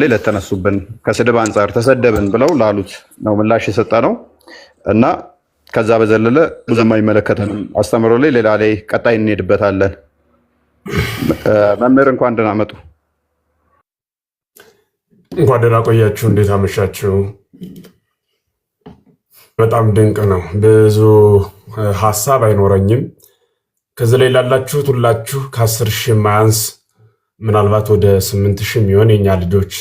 ላይ ለተነሱብን ከስድብ አንጻር ተሰደብን ብለው ላሉት ነው ምላሽ የሰጠ ነው እና ከዛ በዘለለ ብዙም አይመለከተንም። አስተምሮ ላይ ሌላ ላይ ቀጣይ እንሄድበታለን። መምህር እንኳን ደህና መጡ። እንኳን ደህና ቆያችሁ። እንዴት አመሻችሁ? በጣም ድንቅ ነው። ብዙ ሀሳብ አይኖረኝም። ከዚህ ላይ ላላችሁት ሁላችሁ ከአስር ሺህ ማያንስ ምናልባት ወደ ስምንት ሺህ የሚሆን የኛ ልጆች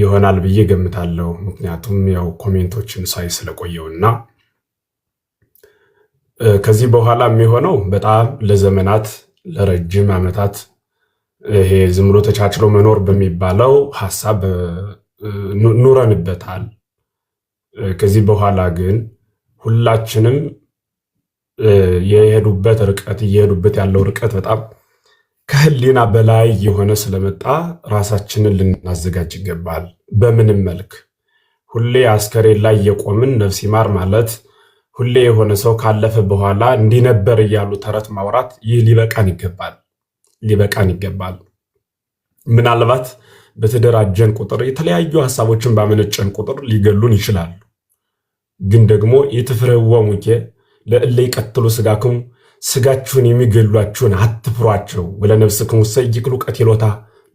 ይሆናል ብዬ ገምታለሁ። ምክንያቱም ያው ኮሜንቶችን ሳይ ስለቆየውና ከዚህ በኋላ የሚሆነው በጣም ለዘመናት ለረጅም ዓመታት ይሄ ዝም ብሎ ተቻችሎ መኖር በሚባለው ሀሳብ ኑረንበታል። ከዚህ በኋላ ግን ሁላችንም የሄዱበት ርቀት እየሄዱበት ያለው ርቀት በጣም ከህሊና በላይ የሆነ ስለመጣ ራሳችንን ልናዘጋጅ ይገባል። በምንም መልክ ሁሌ አስከሬን ላይ የቆምን ነፍስ ይማር ማለት ሁሌ የሆነ ሰው ካለፈ በኋላ እንዲነበር እያሉ ተረት ማውራት ይህ ሊበቃን ይገባል ሊበቃን ይገባል። ምናልባት በተደራጀን ቁጥር የተለያዩ ሀሳቦችን ባመነጨን ቁጥር ሊገሉን ይችላሉ። ግን ደግሞ የትፍረወሙኬ ለእለ ይቀትሉ ስጋክሙ ስጋችሁን የሚገሏችሁን አትፍሯቸው፣ ወለነፍስክሙ ሰይቅ ሉቀቴሎታ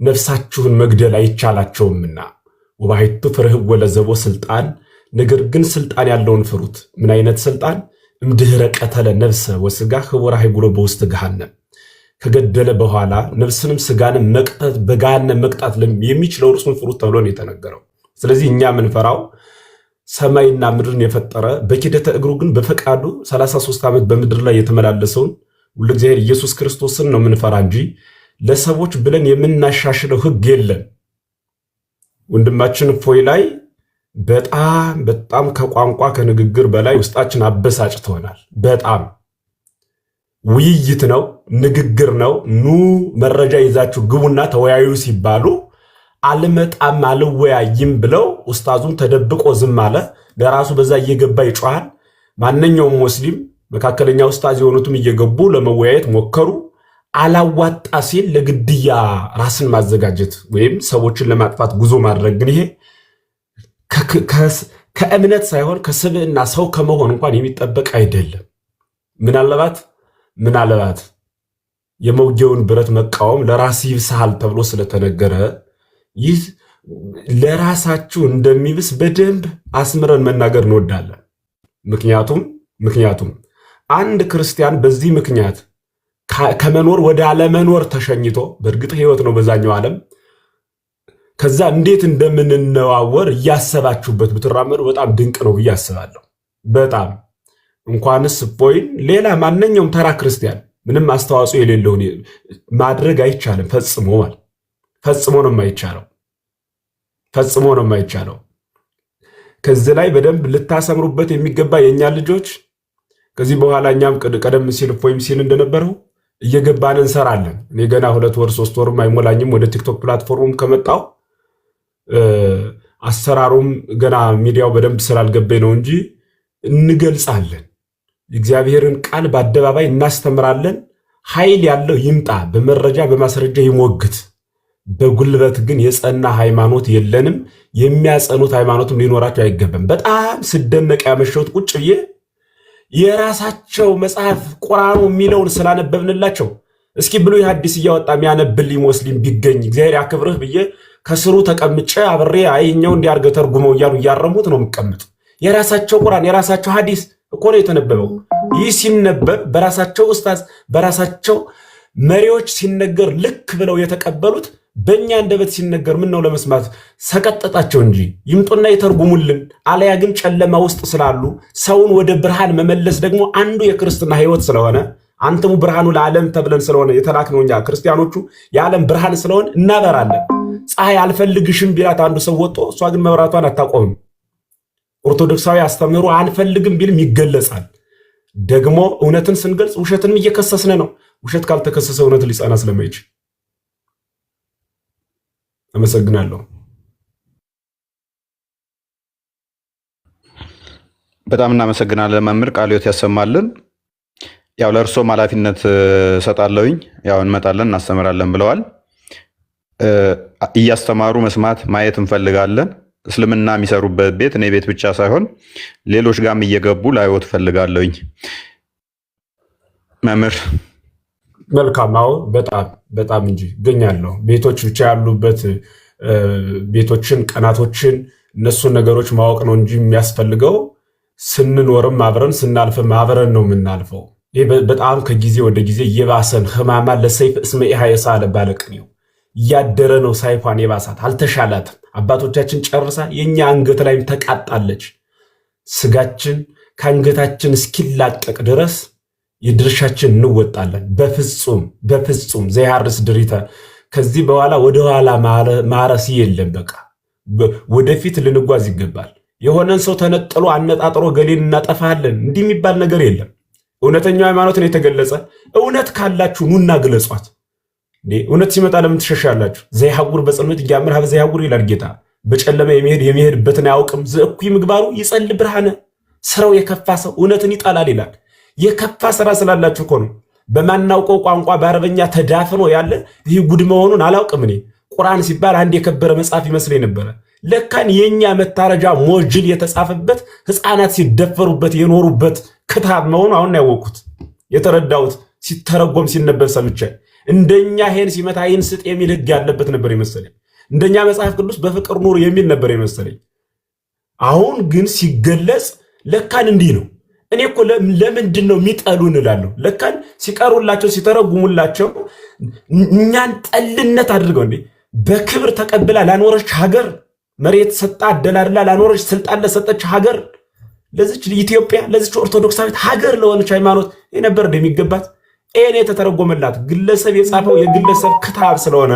ነፍሳችሁን መግደል አይቻላቸውምና። ወባሕቱ ፍርህዎ ለዘቦ ስልጣን፣ ነገር ግን ስልጣን ያለውን ፍሩት። ምን አይነት ስልጣን? እምድህረ ቀተለ ነፍሰ ወስጋ ህቡራ ኃይጉሎ በውስጥ ገሃነም ከገደለ በኋላ ነፍስንም ስጋንም መቅጠት በገሃነም መቅጣት የሚችለው እርሱን ፍሩት ተብሎ ነው የተነገረው። ስለዚህ እኛ የምንፈራው ሰማይና ምድርን የፈጠረ በኪደተ እግሩ ግን በፈቃዱ 33 ዓመት በምድር ላይ የተመላለሰውን ሁሉ እግዚአብሔር ኢየሱስ ክርስቶስን ነው የምንፈራ እንጂ ለሰዎች ብለን የምናሻሽለው ሕግ የለም። ወንድማችን ፎይ ላይ በጣም በጣም ከቋንቋ ከንግግር በላይ ውስጣችን አበሳጭቶናል። በጣም ውይይት ነው፣ ንግግር ነው። ኑ መረጃ ይዛችሁ ግቡና ተወያዩ ሲባሉ አልመጣም አልወያይም ብለው ኡስታዙን ተደብቆ ዝም አለ። ለራሱ በዛ እየገባ ይጮሃል። ማንኛውም ሙስሊም መካከለኛ ኡስታዝ የሆኑትም እየገቡ ለመወያየት ሞከሩ። አላዋጣ ሲል ለግድያ ራስን ማዘጋጀት ወይም ሰዎችን ለማጥፋት ጉዞ ማድረግ ግን ይሄ ከእምነት ሳይሆን ከስብዕና ሰው ከመሆን እንኳን የሚጠበቅ አይደለም። ምናልባት ምናልባት የመውጊያውን ብረት መቃወም ለራስ ይብስሃል ተብሎ ስለተነገረ ይህ ለራሳችሁ እንደሚብስ በደንብ አስምረን መናገር እንወዳለን። ምክንያቱም ምክንያቱም አንድ ክርስቲያን በዚህ ምክንያት ከመኖር ወደ አለመኖር ተሸኝቶ በእርግጥ ህይወት ነው በዛኛው ዓለም ከዛ እንዴት እንደምንነዋወር እያሰባችሁበት ብትራመዱ በጣም ድንቅ ነው ብዬ አስባለሁ። በጣም እንኳንስ እፎይን ሌላ ማንኛውም ተራ ክርስቲያን ምንም አስተዋጽኦ የሌለውን ማድረግ አይቻልም ፈጽሞ ማለት ፈጽሞ ነው የማይቻለው፣ ፈጽሞ ነው የማይቻለው። ከዚህ ላይ በደንብ ልታሰምሩበት የሚገባ የእኛ ልጆች ከዚህ በኋላ እኛም ቀደም ሲል ወይም ሲል እንደነበረው እየገባን እንሰራለን። እኔ ገና ሁለት ወር ሶስት ወርም አይሞላኝም ወደ ቲክቶክ ፕላትፎርሙም ከመጣው አሰራሩም ገና ሚዲያው በደንብ ስላልገባኝ ነው እንጂ እንገልጻለን። የእግዚአብሔርን ቃል በአደባባይ እናስተምራለን። ኃይል ያለው ይምጣ፣ በመረጃ በማስረጃ ይሞግት። በጉልበት ግን የጸና ሃይማኖት የለንም። የሚያጸኑት ሃይማኖትም ሊኖራቸው አይገባም። በጣም ስደነቅ ያመሸሁት ቁጭ ብዬ የራሳቸው መጽሐፍ ቁርአኑ የሚለውን ስላነበብንላቸው እስኪ ብሉይ ሐዲስ እያወጣ የሚያነብልኝ ሙስሊም ቢገኝ እግዚአብሔር ያክብርህ ብዬ ከስሩ ተቀምጨ አብሬ አይኛው እንዲያርገ ተርጉመው እያሉ እያረሙት ነው የምቀምጥ። የራሳቸው ቁርአን የራሳቸው ሐዲስ እኮ ነው የተነበበው። ይህ ሲነበብ በራሳቸው ኡስታዝ በራሳቸው መሪዎች ሲነገር ልክ ብለው የተቀበሉት በእኛ አንደበት ሲነገር ምን ነው ለመስማት ሰቀጠጣቸው እንጂ ይምጡና ይተርጉሙልን። አለያ ግን ጨለማ ውስጥ ስላሉ ሰውን ወደ ብርሃን መመለስ ደግሞ አንዱ የክርስትና ሕይወት ስለሆነ አንተሙ ብርሃኑ ለዓለም ተብለን ስለሆነ የተላክነው እኛ ክርስቲያኖቹ የዓለም ብርሃን ስለሆን እናበራለን። ፀሐይ አልፈልግሽም ቢላት አንዱ ሰው ወጦ እሷ ግን መብራቷን አታቆምም። ኦርቶዶክሳዊ አስተምህሮ አንፈልግም ቢልም ይገለጻል። ደግሞ እውነትን ስንገልጽ ውሸትንም እየከሰስን ነው። ውሸት ካልተከሰሰ እውነት ሊጸና ስለማይችል አመሰግናለሁ። በጣም እናመሰግናለን መምህር ቃልዮት ያሰማልን። ያው ለእርሶም ኃላፊነት እሰጣለሁኝ። ያው እንመጣለን እናስተምራለን ብለዋል። እያስተማሩ መስማት ማየት እንፈልጋለን። እስልምና የሚሰሩበት ቤት እኔ ቤት ብቻ ሳይሆን ሌሎች ጋርም እየገቡ ላይወት እፈልጋለሁኝ መምህር መልካም አሁን በጣም በጣም እንጂ ገኛለሁ ቤቶች ብቻ ያሉበት ቤቶችን፣ ቀናቶችን እነሱን ነገሮች ማወቅ ነው እንጂ የሚያስፈልገው ስንኖርም አብረን ስናልፍም አብረን ነው የምናልፈው። ይህ በጣም ከጊዜ ወደ ጊዜ የባሰን ህማማ ለሰይፍ እስመ ኢሃ ባለቅ ነው እያደረ ነው። ሳይፏን የባሳት አልተሻላትም። አባቶቻችን ጨርሳ የእኛ አንገት ላይም ተቃጣለች። ስጋችን ከአንገታችን እስኪላቀቅ ድረስ የድርሻችን እንወጣለን። በፍጹም በፍጹም ዘያርስ ድሪተ ከዚህ በኋላ ወደኋላ ማረስ የለም። በቃ ወደፊት ልንጓዝ ይገባል። የሆነን ሰው ተነጥሎ አነጣጥሮ ገሌን እናጠፋለን እንዲህ የሚባል ነገር የለም። እውነተኛው ሃይማኖትን የተገለጸ እውነት ካላችሁ ኑና ግለጿት። እውነት ሲመጣ ለምን ትሸሻላችሁ? ዘይሐውር በጽልመት እያምር ሀብ ዘይሐውር ይላል ጌታ። በጨለመ የሚሄድ የሚሄድበትን አያውቅም። ዘእኩይ ምግባሩ ይጸል ብርሃነ ስራው የከፋ ሰው እውነትን ይጣላል ይላል። የከፋ ስራ ስላላችሁ እኮ ነው። በማናውቀው ቋንቋ በአረበኛ ተዳፍኖ ያለ ይህ ጉድ መሆኑን አላውቅም። እኔ ቁርአን ሲባል አንድ የከበረ መጽሐፍ ይመስለኝ ነበረ። ለካን የእኛ መታረጃ ሞጅል የተጻፈበት ህፃናት ሲደፈሩበት የኖሩበት ክታብ መሆኑ አሁን ያወቅኩት የተረዳሁት፣ ሲተረጎም ሲነበብ ሰምቼ እንደኛ ይሄን ሲመታ ይህን ስጥ የሚል ህግ ያለበት ነበር የመሰለኝ። እንደኛ መጽሐፍ ቅዱስ በፍቅር ኑር የሚል ነበር የመሰለኝ። አሁን ግን ሲገለጽ ለካን እንዲህ ነው። እኔ እኮ ለምንድን ነው የሚጠሉ እንላለሁ። ለካን ሲቀሩላቸው ሲተረጉሙላቸው እኛን ጠልነት አድርገው እ በክብር ተቀብላ ላኖረች ሀገር መሬት ሰጣ አደላድላ ላኖረች ስልጣን ለሰጠች ሀገር ለዚች ኢትዮጵያ ለዚች ኦርቶዶክሳዊት ሀገር ለሆነች ሃይማኖት የነበር የሚገባት። ይህን የተተረጎመላት ግለሰብ የጻፈው የግለሰብ ክታብ ስለሆነ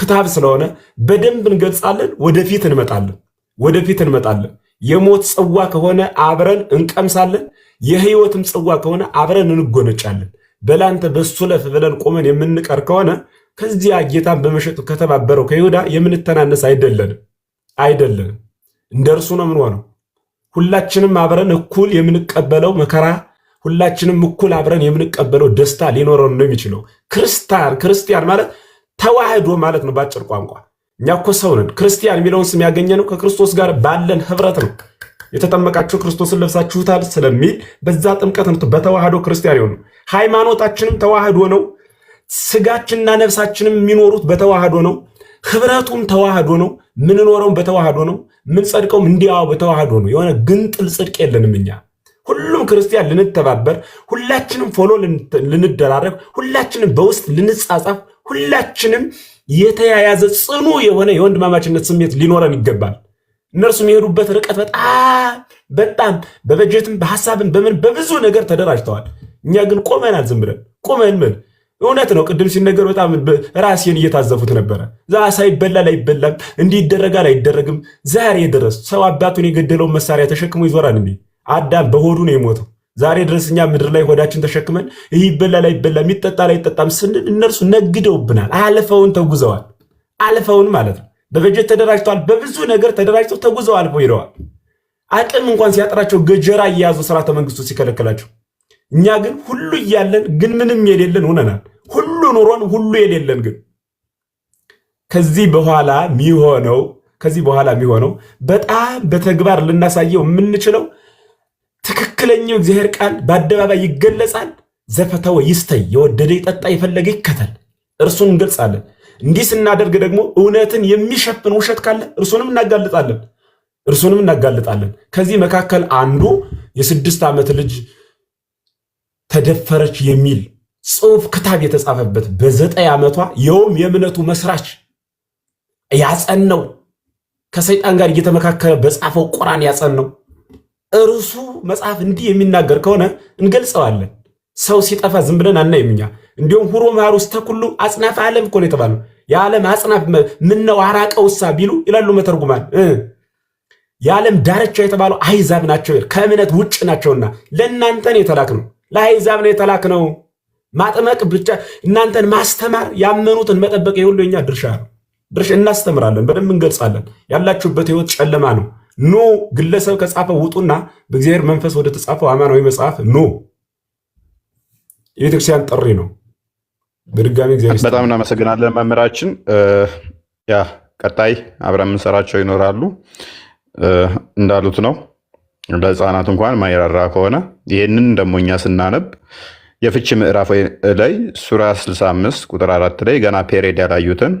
ክታብ ስለሆነ በደንብ እንገልጻለን። ወደፊት እንመጣለን። ወደፊት እንመጣለን። የሞት ጽዋ ከሆነ አብረን እንቀምሳለን፣ የህይወትም ጽዋ ከሆነ አብረን እንጎነጫለን። በላንተ በሱ ለፍ ብለን ቆመን የምንቀር ከሆነ ከዚያ ጌታን በመሸጡ ከተባበረው ከይሁዳ የምንተናነስ አይደለንም አይደለንም። እንደ እርሱ ነው የምንሆነው። ሁላችንም አብረን እኩል የምንቀበለው መከራ፣ ሁላችንም እኩል አብረን የምንቀበለው ደስታ ሊኖረን ነው የሚችለው። ክርስቲያን ክርስቲያን ማለት ተዋህዶ ማለት ነው በአጭር ቋንቋ እኛ እኮ ሰው ነን። ክርስቲያን የሚለውን ስም ያገኘነው ከክርስቶስ ጋር ባለን ህብረት ነው። የተጠመቃችሁ ክርስቶስን ለብሳችሁታል ስለሚል በዛ ጥምቀት በተዋህዶ ክርስቲያን የሆኑ ሃይማኖታችንም ተዋህዶ ነው። ስጋችንና ነፍሳችንም የሚኖሩት በተዋህዶ ነው። ህብረቱም ተዋህዶ ነው። ምንኖረውም በተዋህዶ ነው። ምንጸድቀውም እንዲያው በተዋህዶ ነው። የሆነ ግንጥል ጽድቅ የለንም እኛ ሁሉም ክርስቲያን ልንተባበር፣ ሁላችንም ፎሎ ልንደራረብ፣ ሁላችንም በውስጥ ልንጻጻፍ፣ ሁላችንም የተያያዘ ጽኑ የሆነ የወንድማማችነት ስሜት ሊኖረን ይገባል። እነርሱ የሚሄዱበት ርቀት በጣም በጣም በበጀትም በሀሳብም በምን በብዙ ነገር ተደራጅተዋል። እኛ ግን ቆመናል። ዝም ብለን ቆመን ምን እውነት ነው። ቅድም ሲነገር በጣም ራሴን እየታዘፉት ነበረ። ዛ ሳይበላል አይበላም፣ እንዲህ ይደረጋል አይደረግም። ዛሬ ድረስ ሰው አባቱን የገደለውን መሳሪያ ተሸክሞ ይዞራል። አዳም በሆዱ ነው የሞተው። ዛሬ ድረስ እኛ ምድር ላይ ሆዳችን ተሸክመን ይህ ይበላል የሚጠጣ ላይ አይጠጣም ስንል እነርሱ ነግደውብናል። አለፈውን ተጉዘዋል። አለፈውን ማለት ነው። በበጀት ተደራጅተዋል። በብዙ ነገር ተደራጅተው ተጉዘው አልፎ ሄደዋል። አቅም እንኳን ሲያጥራቸው ገጀራ እየያዙ ስርዓተ መንግስቱ ሲከለከላቸው፣ እኛ ግን ሁሉ እያለን ግን ምንም የሌለን ሆነናል። ሁሉ ኑሮን ሁሉ የሌለን ግን ከዚህ በኋላ የሚሆነው ከዚህ በኋላ የሚሆነው በጣም በተግባር ልናሳየው የምንችለው ትክክለኛው እግዚአብሔር ቃል በአደባባይ ይገለጻል። ዘፈተወ ይስተይ፣ የወደደ ይጠጣ፣ የፈለገ ይከተል። እርሱን እንገልጻለን። እንዲህ ስናደርግ ደግሞ እውነትን የሚሸፍን ውሸት ካለ እርሱንም እናጋልጣለን እርሱንም እናጋልጣለን። ከዚህ መካከል አንዱ የስድስት ዓመት ልጅ ተደፈረች የሚል ጽሑፍ ክታብ የተጻፈበት በዘጠኝ ዓመቷ የውም የእምነቱ መስራች ያጸነው ከሰይጣን ጋር እየተመካከለ በጻፈው ቁራን ያጸነው እርሱ መጽሐፍ እንዲህ የሚናገር ከሆነ እንገልጸዋለን። ሰው ሲጠፋ ዝም ብለን አናይም እኛ። እንዲሁም ሁሮ መሃር ውስጥ ተኩሉ አጽናፈ ዓለም እኮ ነው የተባለው። የዓለም አጽናፍ ምን ነው አራቀውሳ ቢሉ ይላሉ መተርጉማን። የዓለም ዳርቻ የተባለው አይዛብ ናቸው፣ ከእምነት ውጭ ናቸውና ለእናንተ ነው የተላክ ነው፣ ለአይዛብ ነው የተላክ ነው። ማጥመቅ ብቻ እናንተን ማስተማር፣ ያመኑትን መጠበቅ የሁሉ የኛ ድርሻ ነው። ድርሻ እናስተምራለን፣ በደንብ እንገልጻለን። ያላችሁበት ህይወት ጨለማ ነው። ኖ ግለሰብ ከጻፈው ውጡና በእግዚአብሔር መንፈስ ወደ ተጻፈው አማናዊ መጽሐፍ ኖ የቤተክርስቲያን ጥሪ ነው። በድጋሚ እግዚአብሔር በጣም እናመሰግናለን መምህራችን። ያ ቀጣይ አብረን የምንሰራቸው ይኖራሉ። እንዳሉት ነው ለህፃናት እንኳን ማይራራ ከሆነ ይህንን ደግሞ እኛ ስናነብ የፍቺ ምዕራፍ ላይ ሱራ 65 ቁጥር አራት ላይ ገና ፔሬድ ያላዩትን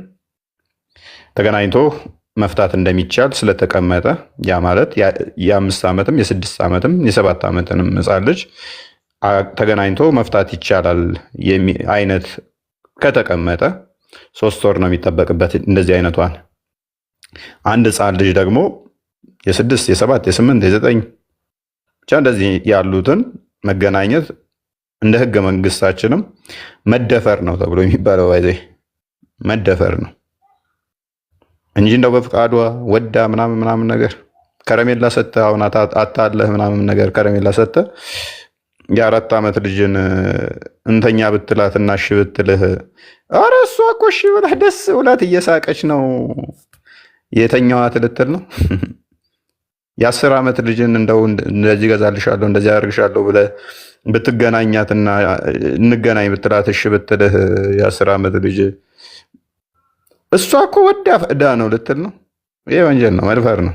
ተገናኝቶ መፍታት እንደሚቻል ስለተቀመጠ ያ ማለት የአምስት ዓመትም የስድስት ዓመትም የሰባት ዓመትንም ህፃን ልጅ ተገናኝቶ መፍታት ይቻላል አይነት ከተቀመጠ ሶስት ወር ነው የሚጠበቅበት። እንደዚህ አይነቷን አንድ ህፃን ልጅ ደግሞ የስድስት የሰባት የስምንት የዘጠኝ ብቻ እንደዚህ ያሉትን መገናኘት እንደ ህገ መንግስታችንም መደፈር ነው ተብሎ የሚባለው ይዜ መደፈር ነው። እንጂ እንደው በፍቃዷ ወዳ ምናምን ምናምን ነገር ከረሜላ ሰጥተህ አሁን አታለህ ምናምን ነገር ከረሜላ ሰጥተህ የአራት ዓመት ልጅን እንተኛ ብትላት እና እሺ ብትልህ፣ ኧረ እሷ እኮ እሺ ብላህ ደስ ብላት እየሳቀች ነው የተኛዋት ልትል ነው። የአስር ዓመት ልጅን እንደው እንደዚህ ገዛልሻለሁ እንደዚህ አደርግሻለሁ ብለህ ብትገናኛትና እንገናኝ ብትላት እሺ ብትልህ የአስር ዓመት ልጅ እሷ እኮ ወዳ ፈቅዳ ነው ልትል ነው። ይሄ ወንጀል ነው፣ መድፈር ነው።